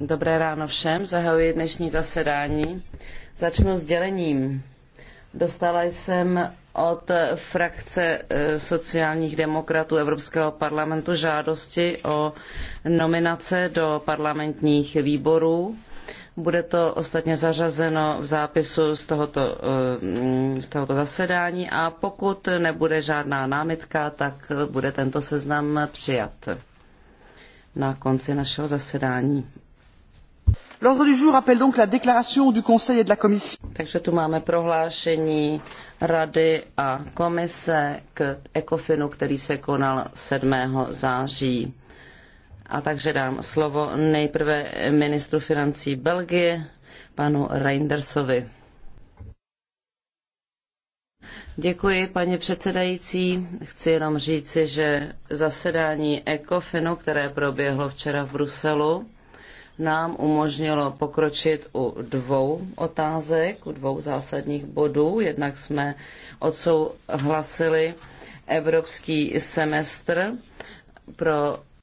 Dobré ráno všem, zahajuji dnešní zasedání. Začnu s dělením. Dostala jsem od frakce eh, sociálních demokratů Evropského parlamentu žádosti o nominace do parlamentních výborů. Bude to ostatně zařazeno v zápisu z tohoto, eh, z tohoto zasedání a pokud nebude žádná námitka, tak bude tento seznam přijat na konci našeho zasedání. L'ordre du jour appelle donc la déclaration du Conseil et de la Commission. Takže tu máme prohlášení Rady a Komise k ECOFINu, který se konal 7. září. A takže dám slovo nejprve ministru financí Belgie, panu Reindersovi. Děkuji, paní předsedající. Chci jenom říci, že zasedání ECOFINu, které proběhlo včera v Bruselu, nám umožnilo pokročit u dvou otázek, u dvou zásadních bodů. Jednak jsme odsouhlasili evropský semestr pro